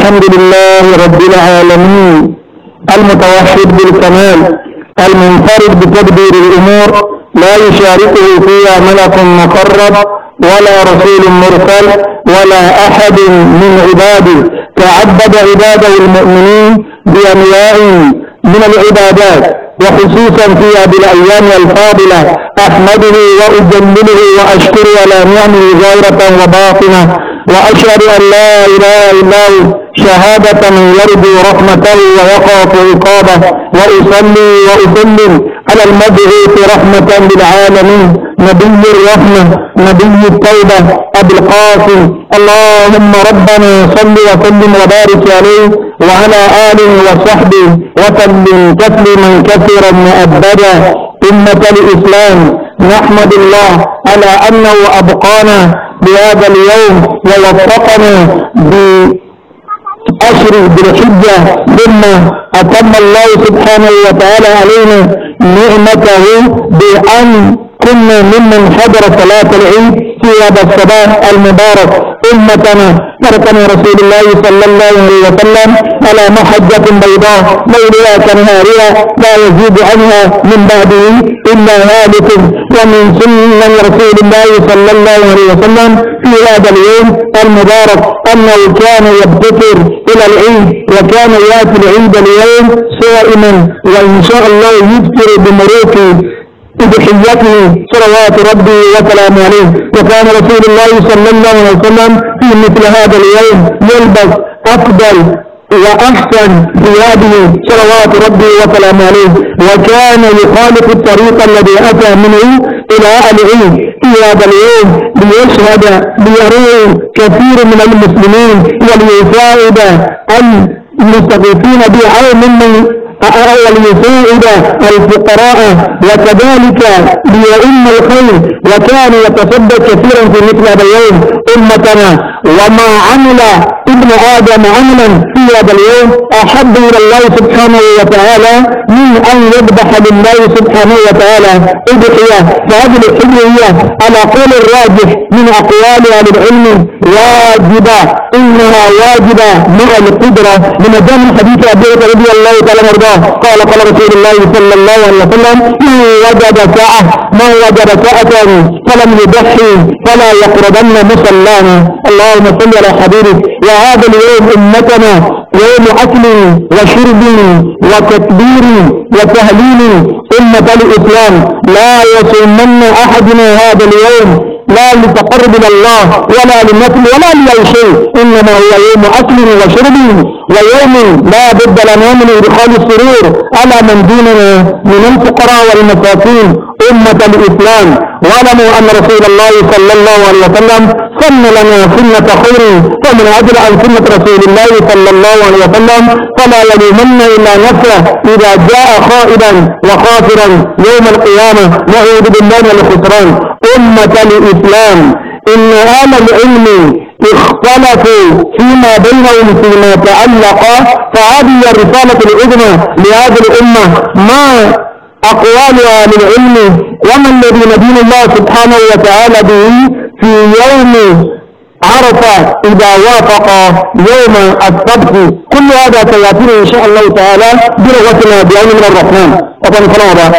الحمد لله رب العالمين المتوحد بالكمال المنفرد بتدبير الأمور لا يشاركه فيها ملك مقرب ولا رسول مرسل ولا أحد من عباده تعبد عباده المؤمنين بأنواع من العبادات وخصوصا في هذه الأيام الفاضلة أحمده واجلله وأشكر على نعمه ظاهرة وباطنة وأشهد أن لا إله إلا الله شهادة يرجو رحمته ويخاف عقابه وأصلي وأسلم على المبعوث رحمة للعالمين نبي الرحمة نبي التوبة أبي القاسم اللهم ربنا صل وسلم وبارك عليه وعلى آله وصحبه وسلم تسليما كثيرا مؤبدا أمة الإسلام نحمد الله على أنه أبقانا بهذا اليوم ووفقنا بأشر بالحجة ثم أتم الله سبحانه وتعالى علينا نعمته بأن كنا ممن حضر صلاة العيد في هذا الصباح المبارك أمتنا تركنا رسول الله صلى الله عليه وسلم على محجة بيضاء ليلها كنهارها لا يزيد عنها من بعده إلا هالك ومن سنة رسول الله صلى الله عليه وسلم في هذا اليوم المبارك أنه كان يبتكر إلى العيد وكان يأتي العيد اليوم صائما وإن شاء الله يذكر بمروقه بتحيته صلوات ربي وسلامه عليه وكان رسول الله صلى الله عليه وسلم في مثل هذا اليوم يلبس أفضل وأحسن ثيابه صلوات ربي وسلامه عليه وكان يخالف الطريق الذي أتى منه إلى أهله في هذا اليوم ليشهد ليروه كثير من المسلمين وليساعد المستغيثين بعون من أرى ليساعد الفقراء وكذلك ليؤم الخير وكان يتصدق كثيرا في مثل هذا اليوم أمتنا وما عمل ابن آدم عملا في هذا اليوم أحب إلى الله سبحانه وتعالى من أن يذبح لله سبحانه وتعالى أضحية فهذه هي على قول الراجح من أقوال أهل العلم واجبة إنها واجبة مع القدرة لمدام حديث أبي رضي الله تعالى مرضاه الله قال قال رسول الله صلى الله عليه وسلم من وجد ساعة من وجد ساعة فلم يضحي فلا يقربن مصلانا اللهم صل على حبيبك وهذا اليوم أمتنا يوم أكل وشرب وتكبير وتهليل أمة الإسلام لا يصومن أحدنا هذا اليوم لا لتقرب إلى الله ولا لنفل ولا لأي شيء إنما هو يوم أكل وشرب ويوم لا بد لنا يوم لإدخال السرور ألا من دوننا من الفقراء والمساكين أمة الإسلام واعلموا أن رسول الله صلى الله عليه وسلم سن لنا سنة خير فمن أجل عن سنة رسول الله صلى الله عليه وسلم فلا يلومن إلا نفسه إذا جاء خائبا وخاسرا يوم القيامة وهو بالله من الخسران أمة الإسلام إن أهل العلم اختلفوا فيما بينهم فيما تعلق فهذه الرسالة العظمى لهذه الأمة ما أقوالها للعلم وما الذي ندين الله سبحانه وتعالى به في يوم عرفة إذا وافق يوم السبت كل هذا سيأتينا إن شاء الله تعالى بلغتنا بعلم من الرحمن وطن فرامة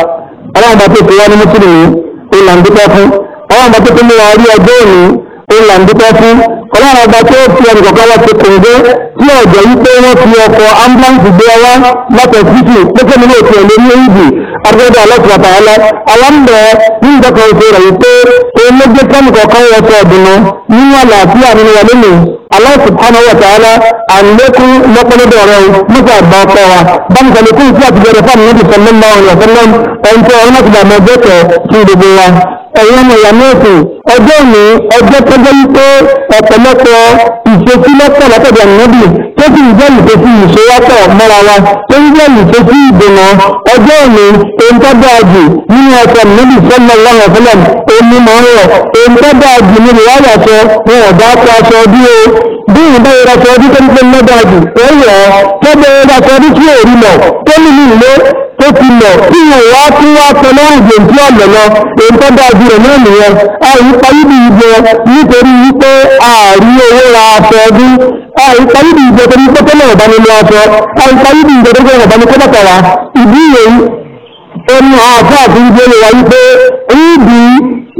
أنا أبطيك يا مسلمين إلا أن تكافوا أنا أبطيك الله علي أجوني òun là ń dúpẹ́ fún ọlọ́run ọba tí ó fi ẹnì kọ̀ọ̀kan wá ti kùn dé tí ọ̀jọ̀ yìí pé wọ́n fi ọkọ̀ ambulance gbé ọwọ́ láti ọ̀sìtì pẹ́kẹ́ nínú òkè ẹ̀lẹ́ ní èyí agbẹ́dẹ́ ọlọ́sùn àtàlẹ́ alámbẹ̀ nígbà kan ṣe rẹ̀ yìí pé òun ló gbé kẹ́nì kọ̀ọ̀kan wọ ọkọ̀ ọ̀dùnnú nínú àlàáfíà nínú wọlé mi Allah subhanahu wa ta'ala àlékún lọ́pọ̀lọpọ̀ ọ̀rọ̀ nípa àgbà ọkọ̀ wa bámikàlẹ́kùn sí àtijọ́ rẹ̀ fáwọn Nabi sallallahu alaihi wasallam ẹ̀ńtọ́ ọ̀rọ̀ láti dàmọ́ bẹ́tẹ̀ fún gbogbo wa ẹ̀yọ́ ọmọ ìyá ọjọ́ òní ọjọ́ tọ́jọ́ wípé ọ̀pọ̀lọpọ̀ ìṣesí látọ̀dọ̀ ànínábì tó sì ń jẹ́ ìṣesí ìṣòwọ́pọ̀ mọ́ra wa tó ń jẹ́ ìṣesí ìdènà ọjọ́ òní ohun tó dáa jù nínú ọkọ̀ níbi sọ́nà lọ́wọ́ fúnlẹ̀ òní mọ́ ń rọ̀ ohun tó dáa jù nínú wáyà sọ ọ̀dà aṣọ ọdún o yìí bá yẹra kọjú tó ń pè lọ́dàjù ó yọ ọ́ tó bẹ yẹra kọjú tí ò rí lọ tó ní ní ilé tó ti lọ tí ìwò wá tí wá pẹ̀lú ìgbè tí ọ̀lẹ̀ lọ èyí tó dájú rẹ̀ náà nìyẹn àyípa níbi ìbò nítorí wípé ààrí owó ra aṣọ ọdún àyípa níbi ìbò tó ní pẹ́pẹ́ náà bá nínú aṣọ àyípa níbi ìbò ìdí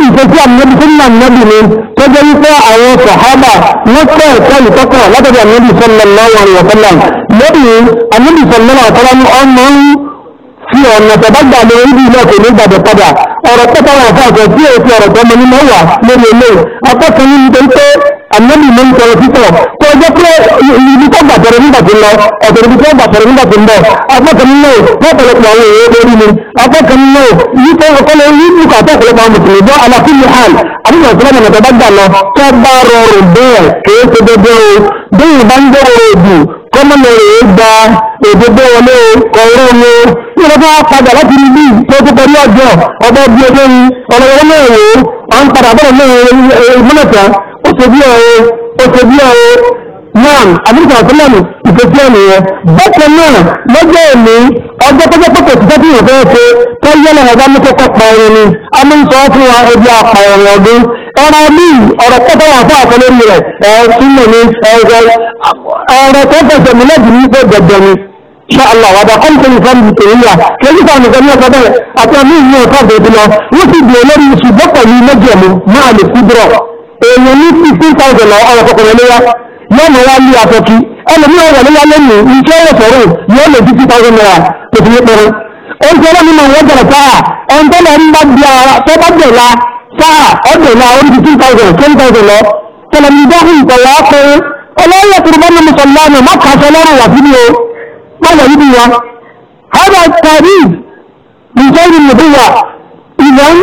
ìfẹ́sí àmì sọ́nà ànábì ni tó jẹ́ wípé àwọn sàhábà wọ́n kọ́ ẹ̀kọ́ ìtọ́kọ̀ látọ̀dọ̀ ànábì sọ́nà láwọn ìwọ̀sọ́nà lórí ànábì sọ́nà àtọ́lá ní ọmọ ń fi ọ̀nà tẹ̀bágbà lọ ibi ilé ọ̀kẹ́ nígbàdọ̀ padà ọ̀rọ̀ pẹ́tàwọn àfáàkọ̀ tí èsì ọ̀rọ̀ tọ́mọ ní mẹ́wàá lórí ilé apá kan ní nítorí ànábì ló ń sọ̀rọ̀ títọ̀ tó ọjọ́ pé ibi tó gbà sọ̀rọ̀ nígbà tó ń lọ ọ̀sẹ̀ ibi tó gbà sọ̀rọ̀ nígbà tó ń bọ̀ afọ́kan náà lọ́pọ̀lọpọ̀ àwọn èèyàn lórí mi afọ́kan náà yìí tó ọkọ lọ yìí kúkọ àtọ̀pọ̀lọpọ̀ àwọn mùsùlùmí bọ́ alákùnrin hàn àdúgbò ìsọlọ́mọ nàìjíríà bá gbà lọ tó bá rọrùn bẹ́ẹ̀ kìí ṣe dédé o bẹ́ẹ̀ bá ń gbọ́rọ̀ òdù kọ́mọ́nà rẹ̀ gba òdodo wọlé kọ̀ọ̀rọ̀ wọlé tí wọ́n bá padà láti rí bí tó tó pẹ̀lú ọjọ́ ọgbọ́n bíi ọdún ọlọ́wọ́ náà wò ó à ń padà bọ́ọ̀ náà mọ́nà tán ṣe bí ọ̀rẹ́ ó ṣe bí ọ̀rẹ́ náà àbúrò àtúnlẹ̀mù ìfẹ́sí ọ̀nà yẹn bákan náà lọ́jọ́ òní ọjọ́ tó jẹ́ pé kò síjọ́ tí yóò fẹ́ ṣe tó yẹ lọ́wọ́ bá mú tó kọ́ pa ẹ̀rọ ni a mú ń sọ fún wa ẹbí apá ẹ̀rọ ọdún ọ̀rọ̀ míì ọ̀rọ̀ pẹ́tọ́ wà fún àkọlé mi rẹ̀ ẹ̀rọ súnmọ̀ ni ọ̀rọ̀ tó fẹsẹ̀ mi lẹ́bi ní pé dẹ̀dẹ̀ ni ṣá Allah wàdà kọ́ńtò nìkan ní kèéyà kèéyì kan nìkan ní ọ̀sán bẹ́ẹ̀ àti àmì ìyẹn ọ̀sán bèbí lọ wọ́n sì dùn lórí ṣùgbọ́n pẹ̀lú mẹ́jẹ̀mú máa lè kú dúrọ̀ èèyàn ní fifteen thousand ọ̀rọ̀ kọkànlá léyà yóò mọ wá ní afọkí ẹlòmí ọ̀rọ̀ léyà lónìí iṣẹ́ ọ̀rọ̀ sọ̀rọ̀ yóò lè fifteen thousand naira kò ní pẹrẹ. oúnjẹ ọlọ́run náà wọ́n jẹ̀rọ̀ sáà ẹni tó ń bá di ara tó bá jẹ̀ la sáà ọ̀dọ̀ la orí fifteen thousand ten thousand lọ. tẹlifíjáhùn ìtọ̀wá kó ọlọ́yẹ̀ tìrìbọ́nù mùsùlùmí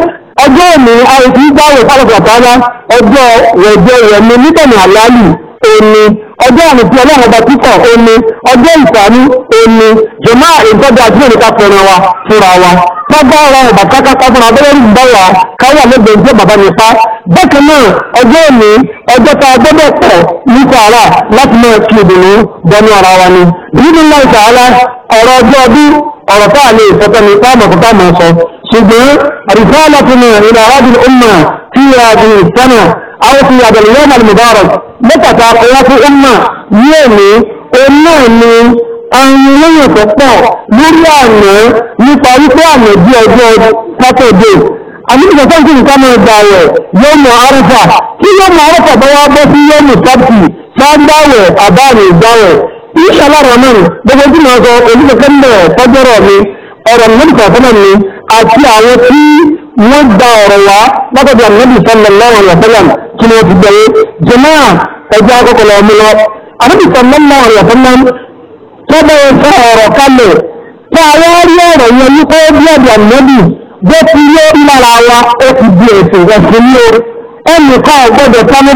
má ọjọ́ òní àìsí gbáwò pálọ̀pàpàlá ọjọ́ wẹ̀jẹ̀ wẹ̀mí nítọ̀nà àlálù òní ọjọ́ àmì tí ọlọ́run ọba títọ̀ òní ọjọ́ ìsàánú òní jọmọ́ ìtọ́jú àti òníta fẹ́ràn wa fúnra wa bàbá ọ̀rọ̀ ọba kákáká fúnra abẹ́rẹ́ rí bá wa káwà lẹ́gbẹ̀ẹ́ ìjọ bàbá nípa bákan náà ọjọ́ òní ọjọ́ tá a gbọ́dọ̀ pọ̀ ní sàárà láti máa fi ìdùnnú bọnú ara wa ni. ọ̀rọ̀ ọjọ́ ọdún ọ̀rọ̀ tá a lè sọ́tọ́ ní pàmò pàpà máa sọ ṣùgbọ́n àdìsọ́lá fún mi ìlà àwádìí ọmọ tí a di sánà àwọn fi àbẹ̀lẹ̀ yọ́n àlùmọ̀ bọ́ọ̀rọ̀ mẹ́tàtà ọwọ́ fún ọmọ yóò ní ọmọ ní àwọn lẹ́yìn tó pọ̀ lórí àná nípa wípé àná bí ọjọ́ sátọ̀dé àmìlìkọ̀ sọ́ǹtì nǹkan máa gbà rẹ̀ yóò mọ àrùfà kí yóò mọ àrùfà bọ́wọ́ bọ́ sí yóò sábì sáńdáwẹ̀ àbáàrẹ̀ ìgbà inshallah rahman gbogbo tí mo sọ olùkọ́ mbẹ́ fọ́jọ́rọ̀ mi ọ̀rọ̀ nípa fúnà mi àti àwọn tí wọ́n gba ọ̀rọ̀ wá látọ̀dọ̀ ànábì sallallahu alaihi wasallam kí ni ó ti gbẹ̀yẹ jẹ́mọ́ ẹjọ́ akọ́kọ́ lọ mi lọ ànábì sallallahu alaihi wasallam tó bẹ̀rẹ̀ sọ ọ̀rọ̀ kalẹ̀ tó àwọn rí ọ̀rọ̀ yẹn ní kó bí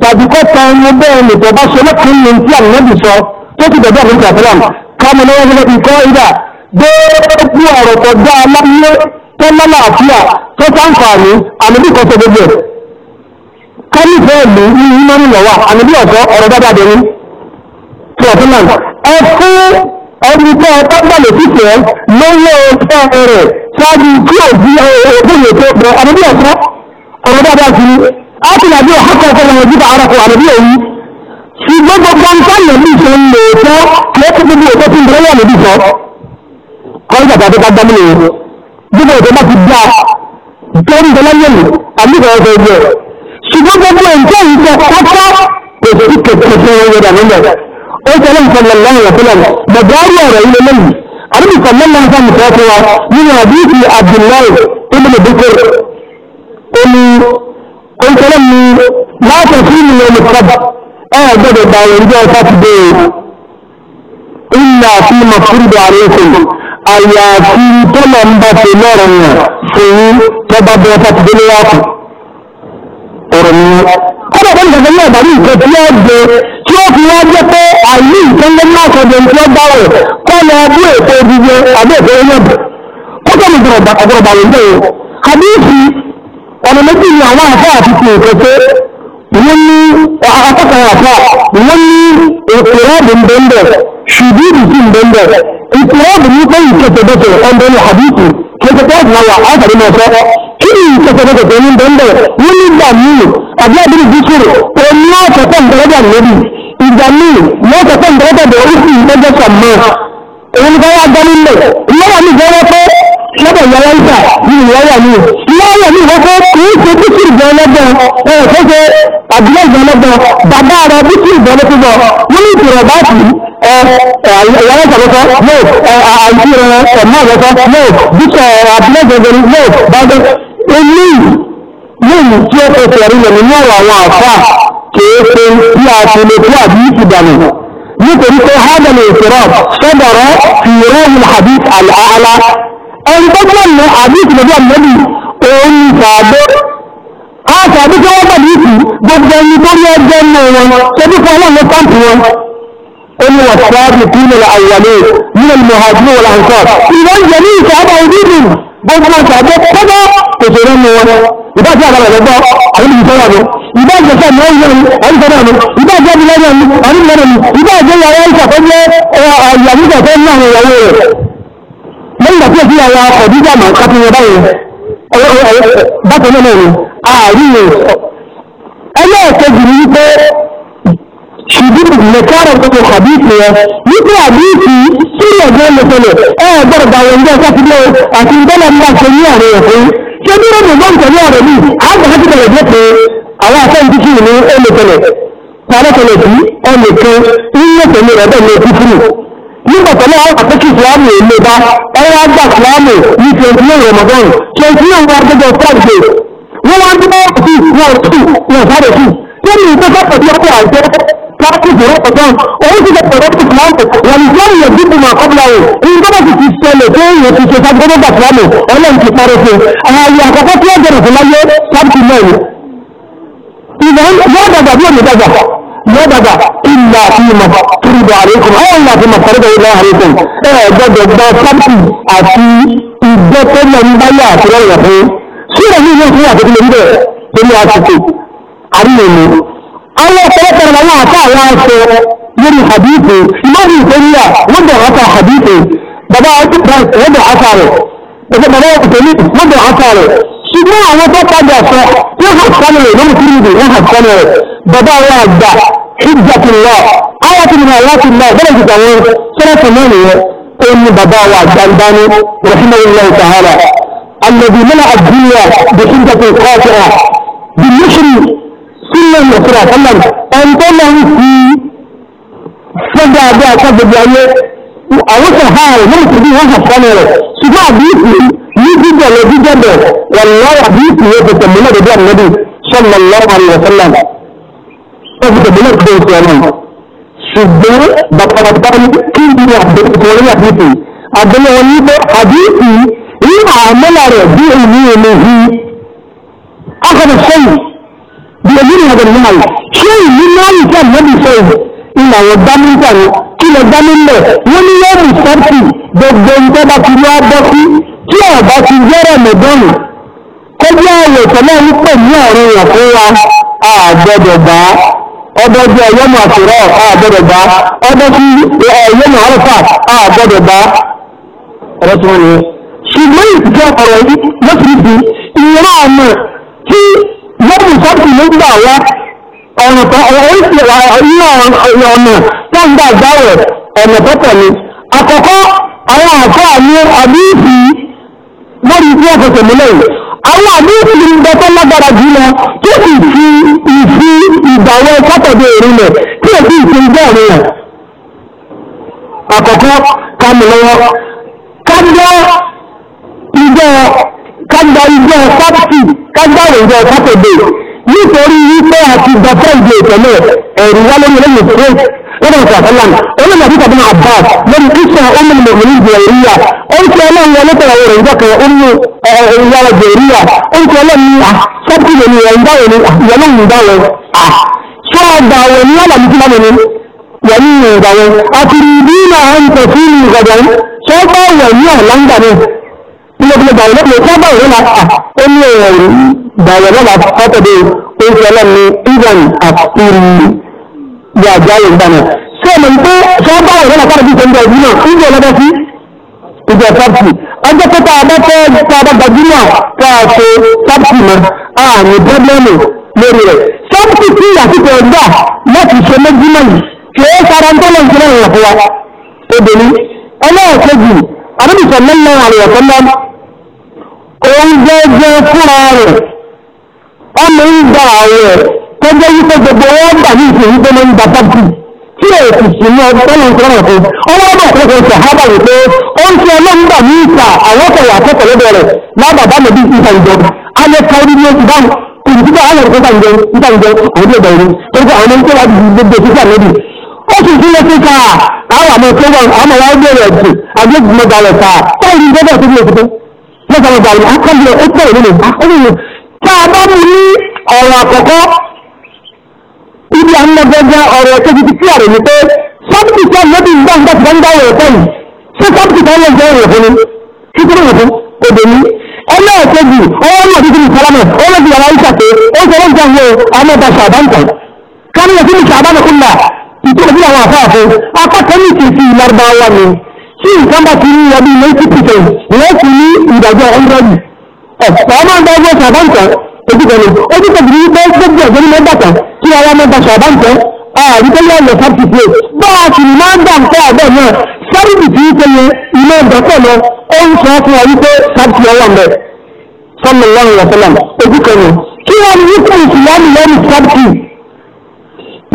tàbí kọ́ ta ẹni bẹ́ẹ̀ lè tọ́ bá ṣe lọ́kùnrin ní tí ànábì sọ tó ti dọ̀dọ̀ àbúrò àtàlám kámi lọ́wọ́ gẹ́gẹ́ bí kọ́ ìdá gbogbo ọ̀rọ̀ tó dá aláyé tó lọ́la àfíà tó sáǹfààní ànábì kan tó gbogbo ẹ̀. kámi fẹ́ lè ní ìmọ̀ ní lọ́wọ́ ànábì ọ̀sọ́ ọ̀rọ̀ dáadáa dẹ̀rí tó ọ̀tún náà ẹ fún ẹni tó ẹ bá gbà lè fífẹ́ lọ́wọ́ ọ̀rẹ́ ṣáájú kí òbí ọ̀rẹ́ tó yẹ tó pọ̀ ànábì ọ̀sọ́ ọ̀rọ̀ dáadáa sí ni átìlà bí ọ̀hákọ̀ ọ̀kọ̀ wọn ojú bá arakọ̀ àrẹ̀bí òun ṣùgbọ́n gbogbo ń sáyẹ̀ ní ìṣe ń lè tọ́ lẹ́kọ̀ gbogbo ètò tí ń bẹ̀rẹ̀ wà lóbi sọ. kọ́ńtà tàbí ká gbámúlẹ̀ yẹn gbogbo ètò bá ti dá torí ìjọba yẹn lò àbí ìfọwọ́ fẹ́ yẹ. ṣùgbọ́n gbogbo nǹkan ìṣe kọ́kọ́ ètò tí kẹ̀kẹ́ fẹ́ wọ́n yẹra nílẹ̀. ó tẹ̀lé nǹkan lọ́wọ́ ọ̀rọ̀ fúnlẹ̀ òǹtẹ̀lẹ́ mi láti sí ìlú olùkọ́bà ẹ gbọ́dọ̀ gba ìrìnjọ́ sátidé ìlà àti mọ̀kúrúdọ̀ àríkùn àyàfi tọ́lọ̀ ń bá ṣe lọ́rùn yàn fún tọ́ba bẹ sátidé léwàkù ọ̀rọ̀ mi. kọ́dọ̀ bẹ́ẹ̀ nìkan ní ọ̀bàrí nǹkan tí ó gbé tí ó fi wá jẹ́ pé àìní nǹkan lé ní àkọ́jọ tí ó bá rẹ̀ kọ́ lọ bí ètò ìdíje àbí ètò ìyẹ̀bù kọ́kọ́ mi gbọ́dọ̀ bá ọ̀gbọ̀dọ̀ ọ̀nà méjì ni àwọn àfọ́ àti ti ètò pé wọ́n ní akọ́kọ̀ àfọ́ wọ́n ní ìtìrọ́bù ndẹ́ndẹ̀ ṣùgbọ́n ìdí ndẹ́ndẹ̀ ìtìrọ́bù ní pé ìkẹtẹ̀dẹ̀tẹ̀ ọ̀ndẹ́ ní àdìsí kẹtẹ̀tẹ̀ ọ̀gbọ̀n wà áfàdé náà sọ kí ni ìkẹtẹ̀dẹ̀tẹ̀ ní ndẹ́ndẹ̀ wọ́n ní gbà míì àbí àbí ìdíkùrù òun náà kẹtẹ̀ ndẹ́rẹ́dà lórí ìgbà míì wọ́n kẹtẹ̀ ndẹ́rẹ́dà lórí ìgbẹ́jọ́ sàmọ́ òun ni káyà gbọ́ nílẹ̀ ìyáwó mi gbọ́ wọ́pẹ́ lọ́dọ̀ ìyáwó ìta ní ìyáwó mi láyọ̀ ní ìwọ́fẹ́ kì í ṣe bíkì ìgbà ọlọ́gbọ̀n ẹ̀ kó ṣe àdúgbò ìgbà ọlọ́gbọ̀n bàbá rẹ bíkì ìgbà ọlọ́gbọ̀n wọ́n ní ìṣòro bá sì ẹ ìyára ìṣàkóso no àìsí rẹ ẹ̀mọ́ àkókò no bíkì àdúgbò ìgbàgbọ́n no bàbá eléyìí lóyún tí ó fẹsẹ̀ rí lẹ̀ nínú ọ̀rọ̀ àwọn àfà kìí ṣe bí a ṣe lè tó àdúgbò ìdànù nítorí pé hádàlẹ̀ ìṣòro sọ́dọ̀rọ̀ fi rọ́ọ̀mù hadith àlàálá ẹni tó gbọ́n ní àdúgbò ìdànù òun ìfàgbé ọ̀sẹ̀ àbí tí wọ́n bẹ̀rẹ̀ ìsì gbogbo ẹni tó rí ẹgbẹ́ nù wọn tẹ́bí fún ọlọ́run pàǹpù wọn ó ní wọ̀sán bí kí ní àyàlẹ́ nínú mọ̀hàdúró wọn àǹkọ́ ìwọ ìyẹn ní ìfàgbà ìdíjì gbogbo ọ̀sẹ̀ àbí tọ́jọ́ kò ṣeré nù wọn ìbájẹ́ àbàlẹ̀ lọ́gbọ́ àwọn ìbùsọ̀ wà ní ìbájẹ́ sẹ́ni ọ̀yẹ́ ni ọ̀yẹ́ náà ni ìbájẹ́ bí lẹ́nu ni ọ̀yẹ́ lẹ́nu ni ìbájẹ́ yàrá ìṣàkọ́jẹ́ ìyàwó ìṣàkọ́jẹ́ náà ni ìyàwó rẹ̀ lẹ́yìn ìgbà tí èsì yàrá ọ̀díjà máa ń kápẹ́ yẹn báyìí bákan náà ni àárín ẹlẹ́ẹ̀kejì ni wípé ṣùgbọ́n mẹ̀kárọ̀ tó kàbíìsì yẹn wípé àbíìsì tí ìyẹ̀dẹ́ lè tẹ̀lé ẹ gbọ́dọ̀ bá wọn jẹ́ sátidé àti ìdẹ́lẹ̀ ńlá ṣe ní ọ̀rẹ́ ẹ̀ fún ṣé bí wọ́n mọ̀ nítorí ọ̀rẹ́ mi àgbàdo ti tẹ̀lé pé àwọn nígbà tẹ́lẹ̀ wọn pàtó kí ìsìlámù yìí lè bá wọn wá gbà ìsìlámù ní twenty nine ramadan twenty nine wa gbẹjọ thursday wọn wá ní báwọn sí wọn sí wọn sáré sí lórí ìgbésẹ̀ pẹ̀lú ọkọ̀ àjẹ káàkiri ìjọba ọ̀dọ́n òun ti sọ̀rọ̀ pẹ̀lú ìsìlámù wọn ni wọn yẹ dídùn máa kọ́bùlà o ìyẹn tó bá sì ti ṣẹlẹ̀ pé èèyàn ti ṣe sábẹ́ gbọ́dọ̀ ìsìlámù ọlọ́run ti parẹ́ fún ààyè àkọ́kọ́ tí wọ́n jẹ̀rọ̀ fún láyé sábẹ́ ìmọ̀ ìlú ìlú yóò dàgbà gbà fíìmọ̀ tìrìbù àríkùn àwọn ìlànà fíìmọ̀ fọ́rẹ́dọ̀ ilẹ̀ àríkùn ẹ gbọ́dọ̀ gbọ́ sábàtì àti ìgbẹ́ tó lọ ń báyà àti lọ́rọ̀ fún ṣúra ní ìwé ìwé àtẹ́kùn lórí bẹ̀ lórí àsìkò àríyànjú àwọn ọ̀pọ̀lọpọ̀ àwọn àṣà àwọn aṣọ lórí hadithu ìmọ̀bí ìfẹ́ríyà wọ́n bẹ̀ ọ̀ṣà hadithu bàbá wọ́n bẹ̀ ọ̀ṣà rẹ̀ bàbá ìfẹ́rí wọ́n bẹ̀ ọ̀ṣà rẹ̀ ṣùgbọ́n àwọn tó padà sọ wọ́n hàn sọ́nà rẹ̀ lórí kúrìdì wọ́n hàn sọ́nà rẹ̀ bàbá wa àgbà حجة الله آية من آيات الله درجة الله سنة ثمانية أم بابا وجلداني رحمه الله تعالى الذي منع الدنيا بحجة قاطعة بالنشر سنة النصرة صلى الله عليه وسلم أن في فجأة بها كذب عليه أوسع حال من تبين هذا الثمرة سبع بيتي يجد الذي جبه والله بيتي يجد من النبي صلى الله عليه وسلم wọ́n fi tẹ̀lé lọ́sọ̀rọ̀ oṣù ọ̀nà ṣùgbọ́n bàtàbàtà kí ni àbẹ̀tẹ̀ wọlé àbẹ̀tẹ̀ àbẹ̀lẹ̀ wọn ní pé àbẹ̀tẹ̀ yìí àmọ́là rẹ̀ bí èmi èmi hi akọ̀dọ̀ sẹ́yìn bí èmi ní ọ̀dọ̀ ní àyè ṣé ìlú náà yìí tí àmọ́lì sẹ́yìn ìlà wọn dá ní ìtàn kí lọ dá nílẹ̀ wọ́n ní yóò mú sẹ́ẹ̀tì gbogbo nǹkan bá ti lọ́ tí ọ̀bá ti ọdọ bí ọyọmọ àtúrọ àgbọ́dọ̀ bá ọdọ tí ọyọmọ àrùfà àgbọ́dọ̀ bá ọ̀rọ̀ tí wọn yẹ. ṣùgbọ́n ìtìkẹ́ ọ̀rọ̀ yìí lọ́sí ibi ìran àmọ́ tí lọ́dún sọ́ọ̀tì ló gbà wá ọ̀nà tó ìran ọ̀nà tó ń gbà gbáwẹ̀ ọ̀nà tó pọ̀ ni. àkọ́kọ́ àwọn àfọ àmì àbíyèsí lórí tí wọ́n fẹsẹ̀ múlẹ̀ yìí àwọn àbíyèsí ń bẹ tó lágbára jù lọ tó sì fi ìfi ìgbàwọ́ sátọ̀dé ìrìnlẹ̀ tí èsì ìṣèjọ́ ìrìnlẹ̀. àkọ́kọ́ kámúlọ́wọ́ kájọ́ ìjọ kájọ́ ìjọ sátọ̀dé kájọ́ ìjọ sátọ̀dé nítorí wípé àti gbàtọ́ ìdí ìtẹ̀lẹ̀ ẹ̀rù wálé lọ́dọ̀ ìṣẹ̀ àfẹ́lán olóòmù àti tàbí abbas lórí ìṣẹ̀ ọmọlù mọ̀mọ́lù jẹ̀ríyà orúkọ ọlọ́run wọlé tẹ̀lé ọwọ́ rẹ̀ ìjọkẹ̀ ọmọ ìyára jẹ̀ríyà orúkọ ọlọ́run ní à sẹ́pì lónìí rẹ̀ ìdáwọ̀ ní ìyọ́lọ́run ìdáwọ̀ à sọ ọ̀dàwọ̀ ní ọ̀làmù tí lọ́mọ ní yẹ̀mí ìdáwọ̀ àti ìdílà ń tẹ̀ sí ìgbọ̀dọ̀ sọ́gbà wẹ̀ ní ọ̀làǹgà ní ilé gbogbo àwọn ọlọ́pàá sọ́gbà wẹ̀ lọ́la ó ní ẹ̀rọ ìdáwọ̀ lọ́la sátọ̀dẹ̀ orúkọ ọlọ́run ní england àti bí àjálù ń dáná ṣé ọmọ yìí pé ṣé ọ bá wà lọ́nà káàdì ìṣẹ́ ń bẹ̀ ìlú náà ń bẹ̀ lọ́dọ̀ sí ìjọ tábìlì ọjọ́ pé tá a bá fẹ́ tá a bá gbajúmọ̀ tá a ṣe tábìlì mọ́ àmì pẹ́blẹ́mù lórí rẹ̀ tábìlì tí àtìkọ gbà láti ṣe méjìmọ̀ yìí kì í sára ń tọ́lọ̀ ìṣẹ́ náà fún wa obìnrin ẹlẹ́ẹ̀kejì àdébìsọ̀ mẹ́lẹ́ àrẹ̀kọ́ lọ òun jẹ́ jẹ́ fúnra rẹ̀ ọmọ ń gba àwẹ̀ tó jẹ́ wípé gbogbo wọn gbà ní ìsìn wípé ló ń gba bọ́ọ̀bù tí ò sì sí ní ọdún tọ́lọ̀ nǹkan ọ̀hún ọwọ́ bọ̀ pé kò sàhábà wípé ó ń fi ọlọ́run gbà ní ìta àwọn kẹwà akẹ́kọ̀ọ́ lọ́dọ̀ rẹ̀ lábàbá mi bí ìta ìjọ alẹ́ka orí ní oṣù báwọn kùdùkùdù àwọn ọ̀rọ̀ ìta ìjọ ìta ìjọ òun lè bẹ̀rẹ̀ torí àwọn ẹni tó wà ní gbogbo ìta lẹ́bi ó sì sí lẹ́sìn ká àwọn àmọ́ tó wà àmọ́ wa gbé rẹ̀ jù àgbégbè mẹ́ta rẹ̀ ká ó rí gbẹ́dọ̀ tó bí òṣìṣẹ́ mẹ́ta rẹ̀ bá rẹ̀ akọ́bí rẹ̀ ó tẹ̀lé lónìí akọ́bí rẹ̀ tá a bá mú ní ọ̀rọ̀ àkọ́kọ́ ibi àwọn gbẹgbẹ ọ̀rọ̀ kejì ti kí àrè ni pé sábìtì tí a lóbi ń dáhùn dáhùn dáhùn dáhùn ẹ̀kọ́ yìí ṣé sábìtì tí a lè jẹ́ ìwòfún ni títúrò ìwòfún kò dé ní. ẹlẹ́ẹ̀kejì ọwọ́ náà títí ní sálámẹ̀ ọwọ́ ti yàrá ìṣà pé ó ń sọ̀rọ̀ ìjàngbé àwọn ọba ṣàbáǹkan káníyà sí ní ṣàbáǹkan kúnlá ìtura sí àwọn àfáàfin akọ́tẹ́mì kì í fi lárúbáwá ni tí nǹkan bá ti ní ọdún ninety percent wọ́n ti ní ìdájọ́ hundred ọ̀pọ̀ ọmọ ọgbà ẹgbẹ́ ṣàbáǹkan ojúkọ̀ ni ojúkọ̀ ara mẹ́ta ṣàbá nǹkan ààrí tó yẹ lọ́sà ti pé bá a sì máa ń gbà nǹkan àbẹ̀ náà sábìtì tí ń pe yẹn ilé ìdọ́kọ̀ lọ ó ń sọ fún wa wípé sábìtì ọwọ́ mẹ́ sallallahu alaihi wasallam ojú kan ni kí wọ́n ní kó ìsìlámù lẹ́nu sábìtì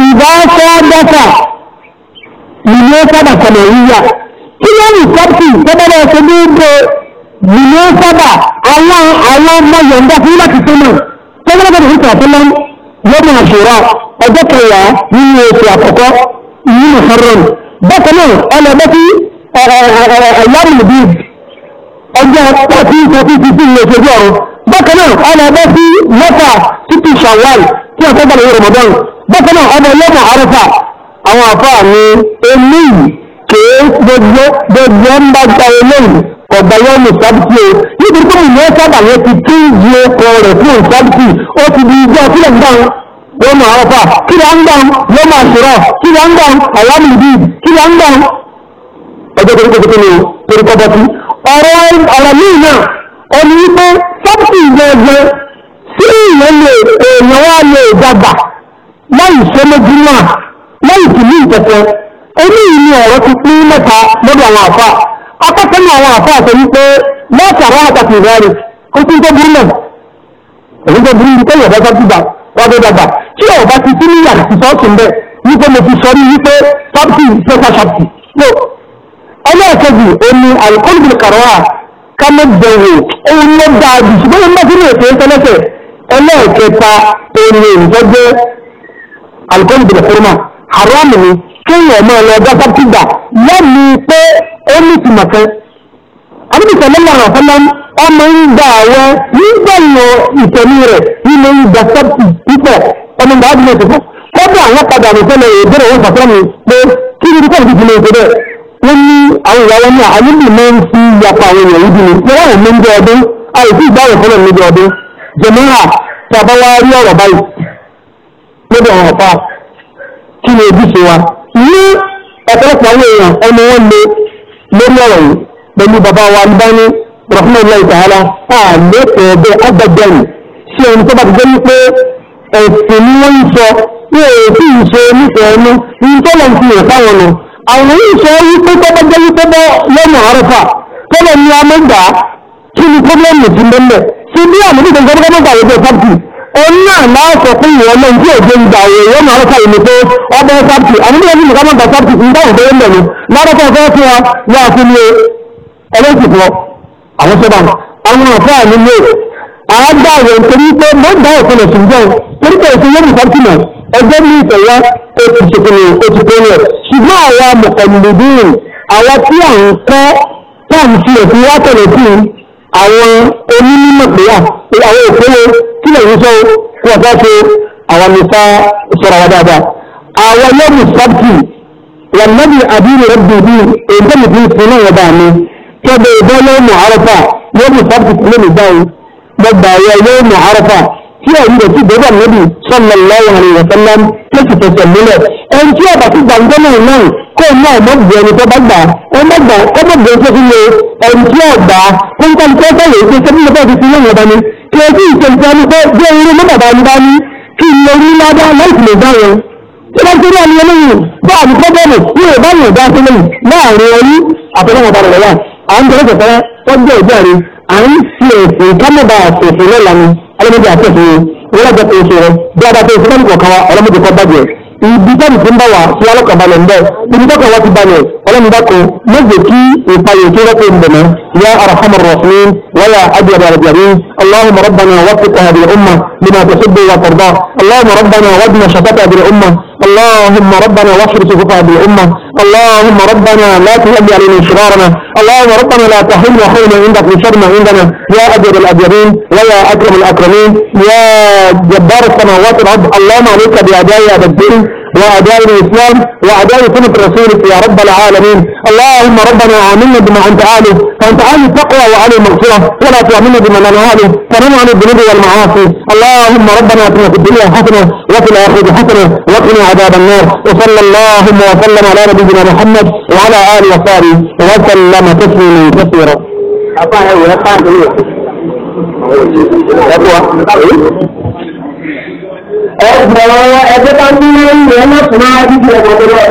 ìbá fẹ́ dọ́kà ìlú sábà kọ̀lẹ̀ yíyá kí wọ́n ní sábìtì tọ́bọ̀lọ́ ọ̀sẹ̀ ní ìgbé ìlú sábà àwọn àwọn ọmọ yọ̀ǹda fún láti tó náà tọ́bọ̀lọ́ àṣírà ọjọ́ kẹwàá nínú oṣù àkọ́kọ́ ìlú muharram bákan náà ọlọ́gbẹ́ tí ẹ̀yárùn bíi ọjọ́ pàtí ìtọ́sí ti sí ilé ìṣojú ọ̀run bákan náà ọlọ́gbẹ́ tí mẹ́fà títí ṣàwáì tí a tọ́gbà lórí ramadan bákan náà ọmọ yọmọ arúfà àwọn àfáà ní eléyìí kèé gbogbo gbogbo ń bá gba eléyìí ọ̀gbà yọmọ sábìtì o nítorí pé ìyẹn sábà yẹn ti tún yẹ ọkọ rẹ̀ fún ìsábìtì ó ti di ìjọ sílẹ̀ gbọ́n wọ́n mọ̀ àwọ̀fà kí ló ń gbà ń wọ́n mọ̀ àṣírọ̀ kí ló ń gbà ń àlámì ìdí kí ló ń gbà ń. ọjọ́ torí kókó ni o torí kọ́ bọ́tí. ọ̀rọ̀ ọ̀rọ̀ míì náà ó ní wípé sọ́ọ̀tì ìgbẹ́gbẹ́ sí ìyẹn lè èèyàn wá lè dàgbà láì ṣe méjì náà láì sì ní ìtẹ̀tẹ̀. eléyìí ni ọ̀rọ̀ ti pín mẹ́ta lọ́dọ̀ àwọn àfa akẹ́kọ̀ọ́ àwọn àfa àṣẹ wípé láti àwọn àtàkì tí ò bá ti sí ní yàrá ìsọ́ọ̀tì ń bẹ̀ wípé mo fi sọrí wípé ṣọ́ọ̀tì pẹ́sà ṣọ́ọ̀tì. no ẹlẹ́ẹ̀kejì omi alukóńdìlì kàrọ́à kámẹ́gbẹ̀wò òun ló dáa jù ṣùgbọ́n mo máa fi ní ètò ìtẹ́lẹ́sẹ̀ ẹlẹ́ẹ̀kẹta omi ìtọ́jẹ́ alukóńdìlì kúrúmà haram ni kéèyàn ọmọ ẹ̀ lọ ọjọ́ ṣọ́ọ̀tì gbà lẹ́nu pé ó ní ìtumọ̀ kan àbíkẹ́ lọ́lọ́rọ̀ fọlá ọmọ ń gbà àwẹ̀ nígbà ìtẹ̀lé rẹ̀ nínú ìgbà sọ́ọ̀tì púpọ̀ ọmọ ìgbà àdúgbò tó fún kọ́dọ̀ àwọn padà nìkọ́lẹ̀ ìbéèrè wọn sọ̀tọ́ mi pé kí ni kọ́ ìdíje lè gbé wọ́n ní àwọn ìyàwó ní àyílì máa ń fi yapa àwọn èèyàn yìí ni wọ́n wọ́n méjì ọdún àìsí ìgbàwọ̀ fọlọ̀ méjì ọdún jẹ̀mọ́ra tàbá wá rí ọ̀rọ̀ báyìí lóde àwọn ọ̀fà kí ni ojúṣe wa ní ọ̀pọ̀lọpọ̀ àwọn èèyàn ọmọ wọn lé lórí ọ̀rọ̀ yìí pẹ̀lú bàbá wa Albani rahman allah ta'ala àlékọ̀ọ́ bẹ́ẹ̀ agbẹ́gbẹ́rì ṣé ẹni tó bá ti gbé ní pé ẹ̀sìn ni wọ́n ń sọ ní èyí ìṣe nífẹ̀ẹ́ ẹnu ní tọ́lọ̀ ń fi hàn fáwọn nù àwọn yìí sọ wípé tọ́lọ̀ jẹ́ wípé bọ́ lọ́nà àrùfà tọ́lọ̀ ní amẹ́gbà kí ni pọ́blẹ́mù ti mẹ́mẹ́ tí bí àmì nígbà gbọ́dọ̀ gbọ́dọ̀ gbà wọ́pẹ́ fábì òun náà náà sọ fún ìwọ náà tí òjò ń gbà wọ́n yóò máa rọ́pà ìlú pé ọbẹ̀ fábì àmì nígbà tí nìkan máa àágbàwẹ̀ nítorí pé mo dá òfin lè sùn jẹun torí pé òfin yóò nìkan tìmọ̀ ẹgbẹ́ mi ìtẹ̀wá ó ti ṣèkìlì ó ti pé rẹ̀ ṣùgbọ́n àwa mọ̀kànlélógún àwa tí à ń kọ́ táwọn ti lè fi wá tẹ̀lé sí àwọn onímọ̀ pé à àwọn òpinnu kí lè ń sọ fún ọ̀gá ṣe àwọn nìta sọ̀rọ̀ wa dáadáa. àwa yọ̀bù sábtì wọn nábì àbúrò rẹ̀ bèbí èdè nìbí ìpínlẹ̀ wọn gbogbo àwọn ilé ìmọ̀ àrùfà tí ẹ̀rí rẹ̀ ti gbọ́dọ̀ níbi sallallahu alaihi wasallam lẹ́sì fẹsẹ̀ múlẹ̀ ẹn tí ọba ti gbàgbọ́ náà náà kó o náà mọ̀ gbé ẹni tó bá gbà ẹ má gbà ẹ má gbé sófin lé ẹni tí ọba tó ń tẹ́lẹ̀ tẹ́lẹ̀ yìí ṣe sẹ́ni lọ́pọ̀ ti fi yé ìyọba ni kí ẹ sì ṣe ìṣe ẹni pé bí ẹni ló bàbá ẹni bá ní kí n lè rí ládá láìsí lè dáwọ tí wọ́n ti rí ẹni eléyìí bá àmì pọ́bẹ́ẹ̀mù ní ìbá ní ìdá sílẹ̀ láàrin ẹni àtọ́lọ́mọba rẹ̀ wà à ń tẹ́lẹ̀ tẹ́lẹ̀ tọ́jú ẹ̀jẹ̀ rẹ̀ à ń fi ẹ̀sìn kámẹ́bà àṣẹ̀ṣẹ̀ lọ́la ni ọlọ́mọdé àṣẹ̀ṣẹ̀ yẹn ìrọ́jọ́ tó ṣe rẹ bí a bá tó ṣe lọ́nà kọ̀ọ̀kan wa ọlọ́mọdé kọ́ bàjẹ́ ibi tẹ́lifí ń bá wa ṣe alọ́kàbalẹ̀ ń bẹ́ẹ̀ ibi tọ́kàn wa ti balẹ̀ كلام داكو نزكي وطيبتي لك ربنا يا ارحم الراحمين ولا اجر الجميل اللهم ربنا وفق هذه الامه لما تحب وترضى اللهم ربنا وادنا شفاك هذه الامه اللهم ربنا واحفظ شفاك هذه الامه اللهم ربنا لا تؤدي علينا شرارنا اللهم ربنا لا تحل حولنا عندك من شر ما عندنا يا اجر الاجرين ويا اكرم الاكرمين يا جبار السماوات والارض اللهم عليك بهدايا بالدين وأعداء الإسلام وأعداء سنة رسولك يا رب العالمين اللهم ربنا عاملنا بما أنت عالم فأنت عالم التقوى وعالم المغفرة ولا تعاملنا بما لا نعلم فنمنع عن الذنوب والمعاصي اللهم ربنا اتنا في الدنيا حسنة وفي الآخرة حسنة وقنا عذاب النار وصلى اللهم وسلم على نبينا محمد وعلى آله وصحبه وسلم تسليما كثيرا और ऐसे काम भी नहीं मेहनत ना सुना है कि